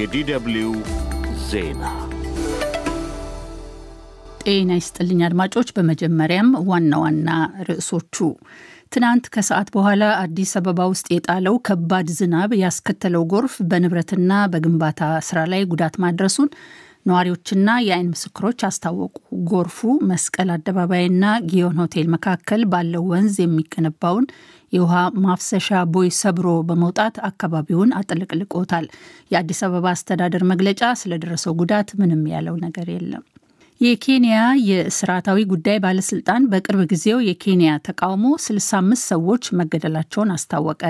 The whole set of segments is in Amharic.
የዲደብሊው ዜና ጤና ይስጥልኝ አድማጮች። በመጀመሪያም ዋና ዋና ርዕሶቹ ትናንት ከሰዓት በኋላ አዲስ አበባ ውስጥ የጣለው ከባድ ዝናብ ያስከተለው ጎርፍ በንብረትና በግንባታ ስራ ላይ ጉዳት ማድረሱን ነዋሪዎችና የአይን ምስክሮች አስታወቁ። ጎርፉ መስቀል አደባባይና ጊዮን ሆቴል መካከል ባለው ወንዝ የሚገነባውን የውሃ ማፍሰሻ ቦይ ሰብሮ በመውጣት አካባቢውን አጥለቅልቆታል። የአዲስ አበባ አስተዳደር መግለጫ ስለደረሰው ጉዳት ምንም ያለው ነገር የለም። የኬንያ የስርዓታዊ ጉዳይ ባለስልጣን በቅርብ ጊዜው የኬንያ ተቃውሞ 65 ሰዎች መገደላቸውን አስታወቀ።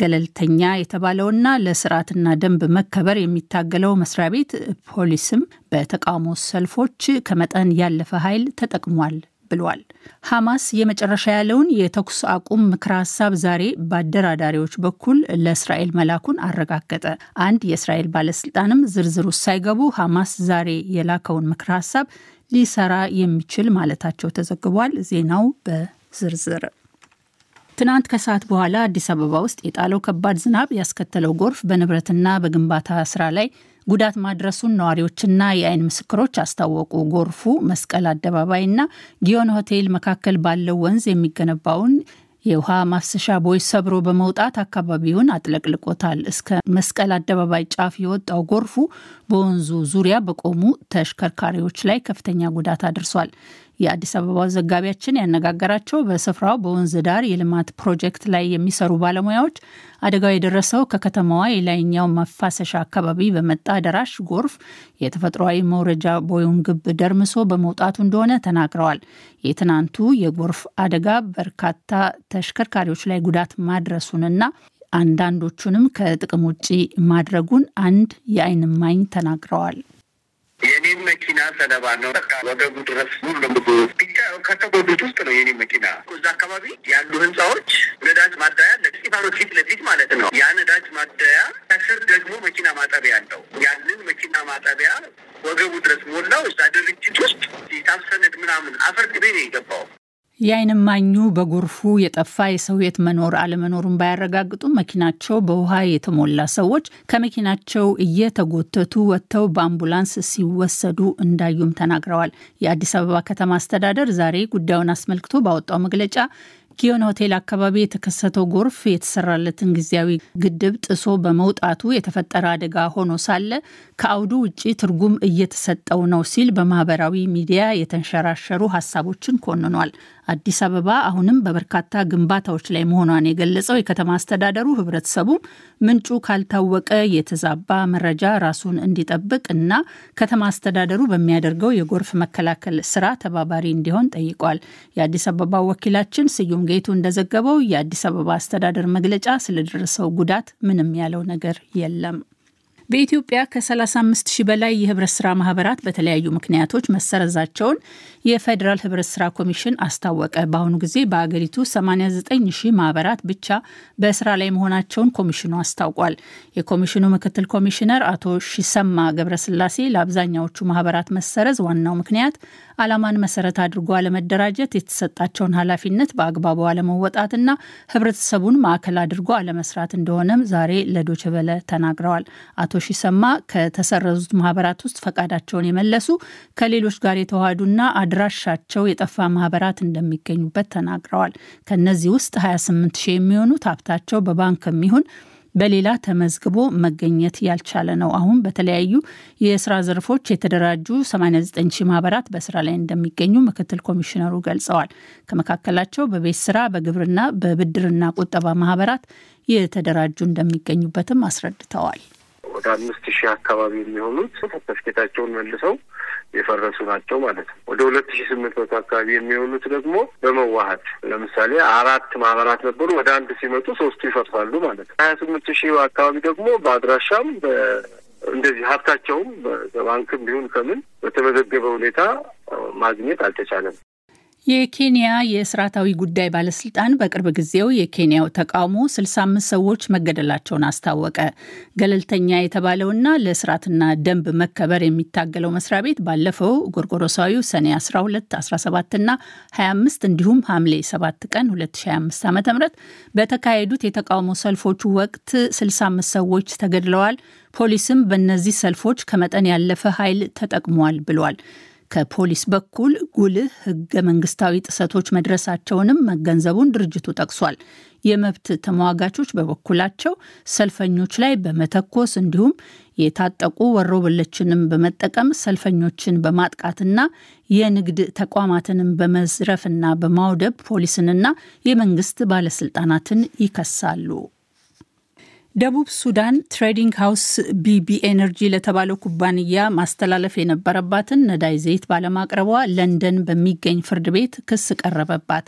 ገለልተኛ የተባለውና ለስርዓትና ደንብ መከበር የሚታገለው መስሪያ ቤት ፖሊስም በተቃውሞ ሰልፎች ከመጠን ያለፈ ኃይል ተጠቅሟል ብሏል። ሐማስ የመጨረሻ ያለውን የተኩስ አቁም ምክረ ሀሳብ ዛሬ በአደራዳሪዎች በኩል ለእስራኤል መላኩን አረጋገጠ። አንድ የእስራኤል ባለስልጣንም ዝርዝር ሳይገቡ ሐማስ ዛሬ የላከውን ምክረ ሀሳብ ሊሰራ የሚችል ማለታቸው ተዘግቧል። ዜናው በዝርዝር ትናንት ከሰዓት በኋላ አዲስ አበባ ውስጥ የጣለው ከባድ ዝናብ ያስከተለው ጎርፍ በንብረትና በግንባታ ስራ ላይ ጉዳት ማድረሱን ነዋሪዎችና የአይን ምስክሮች አስታወቁ። ጎርፉ መስቀል አደባባይና ጊዮን ሆቴል መካከል ባለው ወንዝ የሚገነባውን የውሃ ማፍሰሻ ቦይ ሰብሮ በመውጣት አካባቢውን አጥለቅልቆታል። እስከ መስቀል አደባባይ ጫፍ የወጣው ጎርፉ በወንዙ ዙሪያ በቆሙ ተሽከርካሪዎች ላይ ከፍተኛ ጉዳት አድርሷል። የአዲስ አበባ ዘጋቢያችን ያነጋገራቸው በስፍራው በወንዝ ዳር የልማት ፕሮጀክት ላይ የሚሰሩ ባለሙያዎች አደጋው የደረሰው ከከተማዋ የላይኛው መፋሰሻ አካባቢ በመጣ ደራሽ ጎርፍ የተፈጥሯዊ መውረጃ ቦዩን ግብ ደርምሶ በመውጣቱ እንደሆነ ተናግረዋል። የትናንቱ የጎርፍ አደጋ በርካታ ተሽከርካሪዎች ላይ ጉዳት ማድረሱንና አንዳንዶቹንም ከጥቅም ውጪ ማድረጉን አንድ የአይን እማኝ ተናግረዋል። ሰለባ ነው። በቃ ወገቡ ድረስ ሙሉ ለሙሉ ብቻ ከተጎዱት ውስጥ ነው የኔ መኪና። እዛ አካባቢ ያሉ ህንፃዎች ነዳጅ ማደያ ለስቲፋኖ ፊት ለፊት ማለት ነው። ያ ነዳጅ ማደያ ከስር ደግሞ መኪና ማጠቢያ አለው። ያንን መኪና ማጠቢያ ወገቡ ድረስ ሞላው። እዛ ድርጅት ውስጥ ታሰነድ ምናምን አፈር ቅቤ የዓይን እማኙ በጎርፉ የጠፋ የሰው ሕይወት መኖር አለመኖሩን ባያረጋግጡም መኪናቸው በውሃ የተሞላ ሰዎች ከመኪናቸው እየተጎተቱ ወጥተው በአምቡላንስ ሲወሰዱ እንዳዩም ተናግረዋል። የአዲስ አበባ ከተማ አስተዳደር ዛሬ ጉዳዩን አስመልክቶ ባወጣው መግለጫ ጊዮን ሆቴል አካባቢ የተከሰተው ጎርፍ የተሰራለትን ጊዜያዊ ግድብ ጥሶ በመውጣቱ የተፈጠረ አደጋ ሆኖ ሳለ ከአውዱ ውጪ ትርጉም እየተሰጠው ነው ሲል በማህበራዊ ሚዲያ የተንሸራሸሩ ሀሳቦችን ኮንኗል። አዲስ አበባ አሁንም በበርካታ ግንባታዎች ላይ መሆኗን የገለጸው የከተማ አስተዳደሩ ህብረተሰቡም ምንጩ ካልታወቀ የተዛባ መረጃ ራሱን እንዲጠብቅ እና ከተማ አስተዳደሩ በሚያደርገው የጎርፍ መከላከል ስራ ተባባሪ እንዲሆን ጠይቋል። የአዲስ አበባ ወኪላችን ስዩም ጌቱ እንደዘገበው የአዲስ አበባ አስተዳደር መግለጫ ስለደረሰው ጉዳት ምንም ያለው ነገር የለም። በኢትዮጵያ ከ35 ሺህ በላይ የህብረት ስራ ማህበራት በተለያዩ ምክንያቶች መሰረዛቸውን የፌዴራል ህብረት ስራ ኮሚሽን አስታወቀ። በአሁኑ ጊዜ በአገሪቱ 89 ሺህ ማህበራት ብቻ በስራ ላይ መሆናቸውን ኮሚሽኑ አስታውቋል። የኮሚሽኑ ምክትል ኮሚሽነር አቶ ሺሰማ ገብረስላሴ ለአብዛኛዎቹ ማህበራት መሰረዝ ዋናው ምክንያት ዓላማን መሰረት አድርጎ አለመደራጀት፣ የተሰጣቸውን ኃላፊነት በአግባቡ አለመወጣትና ህብረተሰቡን ማዕከል አድርጎ አለመስራት እንደሆነም ዛሬ ለዶችበለ ተናግረዋል። አቶ አቶ ሺሰማ ከተሰረዙት ማህበራት ውስጥ ፈቃዳቸውን የመለሱ ከሌሎች ጋር የተዋሃዱና አድራሻቸው የጠፋ ማህበራት እንደሚገኙበት ተናግረዋል። ከእነዚህ ውስጥ 28 ሺህ የሚሆኑት ሀብታቸው በባንክ የሚሆን በሌላ ተመዝግቦ መገኘት ያልቻለ ነው። አሁን በተለያዩ የስራ ዘርፎች የተደራጁ 89 ሺህ ማህበራት በስራ ላይ እንደሚገኙ ምክትል ኮሚሽነሩ ገልጸዋል። ከመካከላቸው በቤት ስራ፣ በግብርና፣ በብድርና ቁጠባ ማህበራት የተደራጁ እንደሚገኙበትም አስረድተዋል። ወደ አምስት ሺህ አካባቢ የሚሆኑት ሰርተፍኬታቸውን መልሰው የፈረሱ ናቸው ማለት ነው። ወደ ሁለት ሺህ ስምንት መቶ አካባቢ የሚሆኑት ደግሞ በመዋሀድ ለምሳሌ አራት ማህበራት ነበሩ፣ ወደ አንድ ሲመጡ ሶስቱ ይፈርሳሉ ማለት ነው። ሀያ ስምንት ሺህ አካባቢ ደግሞ በአድራሻም እንደዚህ ሀብታቸውም በባንክም ቢሆን ከምን በተመዘገበ ሁኔታ ማግኘት አልተቻለም። የኬንያ የስርዓታዊ ጉዳይ ባለስልጣን በቅርብ ጊዜው የኬንያው ተቃውሞ 65 ሰዎች መገደላቸውን አስታወቀ። ገለልተኛ የተባለውና ለስርዓትና ደንብ መከበር የሚታገለው መስሪያ ቤት ባለፈው ጎርጎሮሳዊ ሰኔ 12፣ 17ና 25 እንዲሁም ሐምሌ 7 ቀን 2025 ዓ ም በተካሄዱት የተቃውሞ ሰልፎቹ ወቅት 65 ሰዎች ተገድለዋል፣ ፖሊስም በእነዚህ ሰልፎች ከመጠን ያለፈ ኃይል ተጠቅሟል ብሏል። ከፖሊስ በኩል ጉልህ ህገ መንግስታዊ ጥሰቶች መድረሳቸውንም መገንዘቡን ድርጅቱ ጠቅሷል። የመብት ተሟጋቾች በበኩላቸው ሰልፈኞች ላይ በመተኮስ እንዲሁም የታጠቁ ወሮበሎችንም በመጠቀም ሰልፈኞችን በማጥቃትና የንግድ ተቋማትንም በመዝረፍና በማውደብ ፖሊስንና የመንግስት ባለስልጣናትን ይከሳሉ። ደቡብ ሱዳን ትሬዲንግ ሀውስ ቢቢ ኤነርጂ ለተባለው ኩባንያ ማስተላለፍ የነበረባትን ነዳጅ ዘይት ባለማቅረቧ ለንደን በሚገኝ ፍርድ ቤት ክስ ቀረበባት።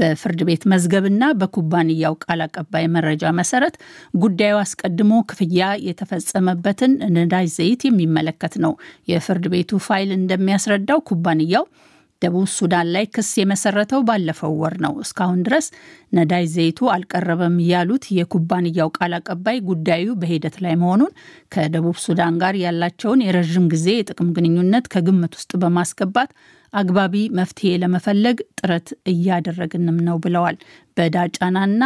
በፍርድ ቤት መዝገብና በኩባንያው ቃል አቀባይ መረጃ መሰረት ጉዳዩ አስቀድሞ ክፍያ የተፈጸመበትን ነዳጅ ዘይት የሚመለከት ነው። የፍርድ ቤቱ ፋይል እንደሚያስረዳው ኩባንያው ደቡብ ሱዳን ላይ ክስ የመሰረተው ባለፈው ወር ነው። እስካሁን ድረስ ነዳጅ ዘይቱ አልቀረበም ያሉት የኩባንያው ቃል አቀባይ ጉዳዩ በሂደት ላይ መሆኑን ከደቡብ ሱዳን ጋር ያላቸውን የረዥም ጊዜ የጥቅም ግንኙነት ከግምት ውስጥ በማስገባት አግባቢ መፍትሄ ለመፈለግ ጥረት እያደረግንም ነው ብለዋል። በዳጫናና።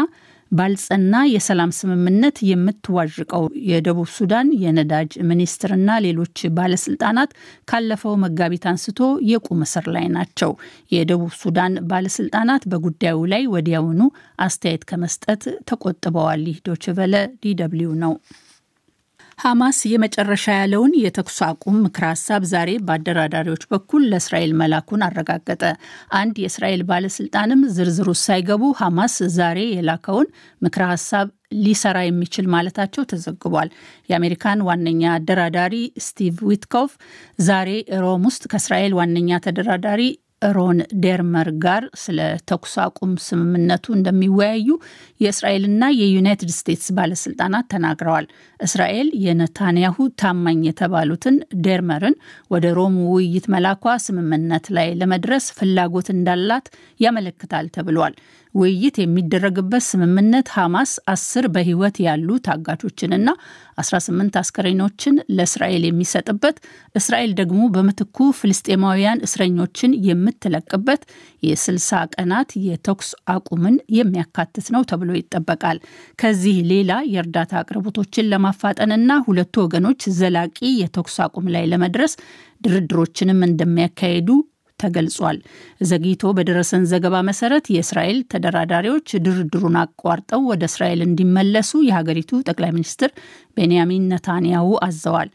ባልጸና የሰላም ስምምነት የምትዋዥቀው የደቡብ ሱዳን የነዳጅ ሚኒስትርና ሌሎች ባለስልጣናት ካለፈው መጋቢት አንስቶ የቁም እስር ላይ ናቸው። የደቡብ ሱዳን ባለስልጣናት በጉዳዩ ላይ ወዲያውኑ አስተያየት ከመስጠት ተቆጥበዋል። ይህ ዶችቨለ ዲ ነው። ሐማስ የመጨረሻ ያለውን የተኩስ አቁም ምክር ሀሳብ ዛሬ በአደራዳሪዎች በኩል ለእስራኤል መላኩን አረጋገጠ። አንድ የእስራኤል ባለስልጣንም ዝርዝሩ ሳይገቡ ሐማስ ዛሬ የላከውን ምክር ሀሳብ ሊሰራ የሚችል ማለታቸው ተዘግቧል። የአሜሪካን ዋነኛ አደራዳሪ ስቲቭ ዊትኮፍ ዛሬ ሮም ውስጥ ከእስራኤል ዋነኛ ተደራዳሪ ሮን ዴርመር ጋር ስለ ተኩስ አቁም ስምምነቱ እንደሚወያዩ የእስራኤልና የዩናይትድ ስቴትስ ባለስልጣናት ተናግረዋል። እስራኤል የነታንያሁ ታማኝ የተባሉትን ዴርመርን ወደ ሮም ውይይት መላኳ ስምምነት ላይ ለመድረስ ፍላጎት እንዳላት ያመለክታል ተብሏል። ውይይት የሚደረግበት ስምምነት ሐማስ አስር በህይወት ያሉ ታጋቾችንና 18 አስከሬኖችን ለእስራኤል የሚሰጥበት፣ እስራኤል ደግሞ በምትኩ ፍልስጤማውያን እስረኞችን የምትለቅበት የ60 ቀናት የተኩስ አቁምን የሚያካትት ነው ተብሎ ይጠበቃል። ከዚህ ሌላ የእርዳታ አቅርቦቶችን ለማፋጠንና ሁለቱ ወገኖች ዘላቂ የተኩስ አቁም ላይ ለመድረስ ድርድሮችንም እንደሚያካሂዱ ተገልጿል። ዘግይቶ በደረሰን ዘገባ መሰረት የእስራኤል ተደራዳሪዎች ድርድሩን አቋርጠው ወደ እስራኤል እንዲመለሱ የሀገሪቱ ጠቅላይ ሚኒስትር ቤንያሚን ነታንያሁ አዘዋል።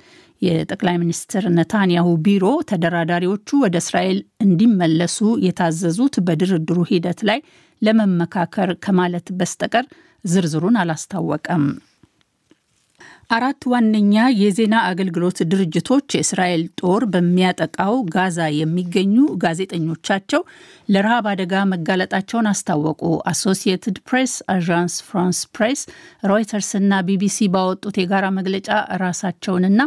የጠቅላይ ሚኒስትር ነታንያሁ ቢሮ ተደራዳሪዎቹ ወደ እስራኤል እንዲመለሱ የታዘዙት በድርድሩ ሂደት ላይ ለመመካከር ከማለት በስተቀር ዝርዝሩን አላስታወቀም። አራት ዋነኛ የዜና አገልግሎት ድርጅቶች የእስራኤል ጦር በሚያጠቃው ጋዛ የሚገኙ ጋዜጠኞቻቸው ለረሃብ አደጋ መጋለጣቸውን አስታወቁ። አሶሲየትድ ፕሬስ፣ አዣንስ ፍራንስ ፕሬስ፣ ሮይተርስ እና ቢቢሲ ባወጡት የጋራ መግለጫ ራሳቸውንና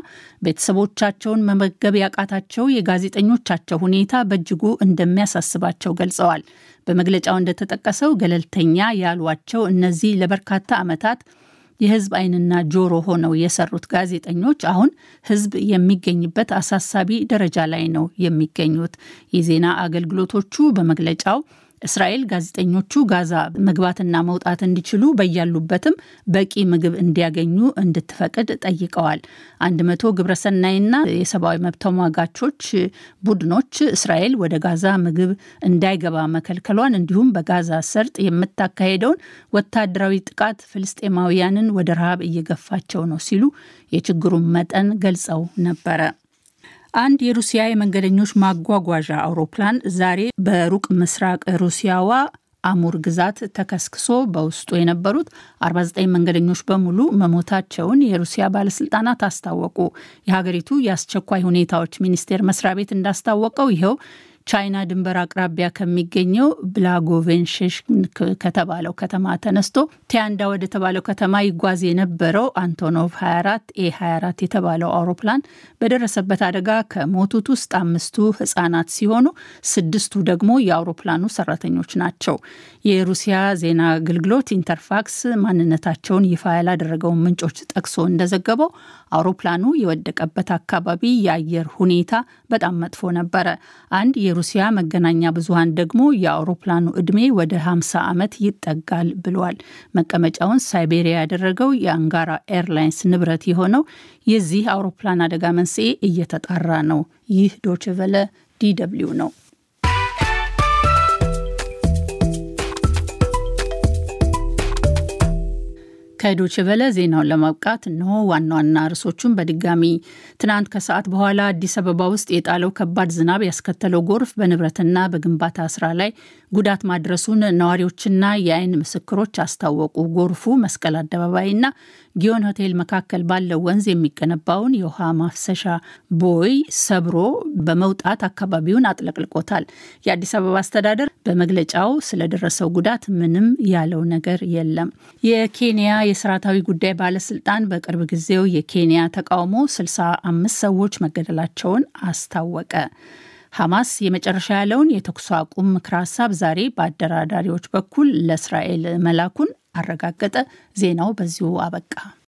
ቤተሰቦቻቸውን መመገብ ያቃታቸው የጋዜጠኞቻቸው ሁኔታ በእጅጉ እንደሚያሳስባቸው ገልጸዋል። በመግለጫው እንደተጠቀሰው ገለልተኛ ያሏቸው እነዚህ ለበርካታ ዓመታት የህዝብ አይንና ጆሮ ሆነው የሰሩት ጋዜጠኞች አሁን ህዝብ የሚገኝበት አሳሳቢ ደረጃ ላይ ነው የሚገኙት። የዜና አገልግሎቶቹ በመግለጫው እስራኤል ጋዜጠኞቹ ጋዛ መግባትና መውጣት እንዲችሉ በያሉበትም በቂ ምግብ እንዲያገኙ እንድትፈቅድ ጠይቀዋል። አንድ መቶ ግብረሰናይና የሰብአዊ መብት ተሟጋቾች ቡድኖች እስራኤል ወደ ጋዛ ምግብ እንዳይገባ መከልከሏን እንዲሁም በጋዛ ሰርጥ የምታካሄደውን ወታደራዊ ጥቃት ፍልስጤማውያንን ወደ ረሃብ እየገፋቸው ነው ሲሉ የችግሩን መጠን ገልጸው ነበረ። አንድ የሩሲያ የመንገደኞች ማጓጓዣ አውሮፕላን ዛሬ በሩቅ ምስራቅ ሩሲያዋ አሙር ግዛት ተከስክሶ በውስጡ የነበሩት 49 መንገደኞች በሙሉ መሞታቸውን የሩሲያ ባለስልጣናት አስታወቁ። የሀገሪቱ የአስቸኳይ ሁኔታዎች ሚኒስቴር መስሪያ ቤት እንዳስታወቀው ይኸው ቻይና ድንበር አቅራቢያ ከሚገኘው ብላጎቬንሽሽ ከተባለው ከተማ ተነስቶ ቲያንዳ ወደ ተባለው ከተማ ይጓዝ የነበረው አንቶኖቭ 24 ኤ 24 የተባለው አውሮፕላን በደረሰበት አደጋ ከሞቱት ውስጥ አምስቱ ህጻናት ሲሆኑ ስድስቱ ደግሞ የአውሮፕላኑ ሰራተኞች ናቸው። የሩሲያ ዜና አገልግሎት ኢንተርፋክስ ማንነታቸውን ይፋ ያላደረገውን ምንጮች ጠቅሶ እንደዘገበው አውሮፕላኑ የወደቀበት አካባቢ የአየር ሁኔታ በጣም መጥፎ ነበረ። አንድ የሩሲያ መገናኛ ብዙሃን ደግሞ የአውሮፕላኑ ዕድሜ ወደ 50 ዓመት ይጠጋል ብሏል። መቀመጫውን ሳይቤሪያ ያደረገው የአንጋራ ኤርላይንስ ንብረት የሆነው የዚህ አውሮፕላን አደጋ መንስኤ እየተጣራ ነው። ይህ ዶችቨለ ዲ ደብልዩ ነው። ከዶች በለ ዜናውን ለማብቃት እነሆ ዋና ዋና ርዕሶቹን በድጋሚ። ትናንት ከሰዓት በኋላ አዲስ አበባ ውስጥ የጣለው ከባድ ዝናብ ያስከተለው ጎርፍ በንብረትና በግንባታ ስራ ላይ ጉዳት ማድረሱን ነዋሪዎችና የአይን ምስክሮች አስታወቁ። ጎርፉ መስቀል አደባባይና ጊዮን ሆቴል መካከል ባለው ወንዝ የሚገነባውን የውሃ ማፍሰሻ ቦይ ሰብሮ በመውጣት አካባቢውን አጥለቅልቆታል። የአዲስ አበባ አስተዳደር በመግለጫው ስለደረሰው ጉዳት ምንም ያለው ነገር የለም። የኬንያ የስርዓታዊ ጉዳይ ባለስልጣን በቅርብ ጊዜው የኬንያ ተቃውሞ 65 ሰዎች መገደላቸውን አስታወቀ። ሐማስ የመጨረሻ ያለውን የተኩስ አቁም ምክር ሀሳብ ዛሬ በአደራዳሪዎች በኩል ለእስራኤል መላኩን አረጋገጠ። ዜናው በዚሁ አበቃ።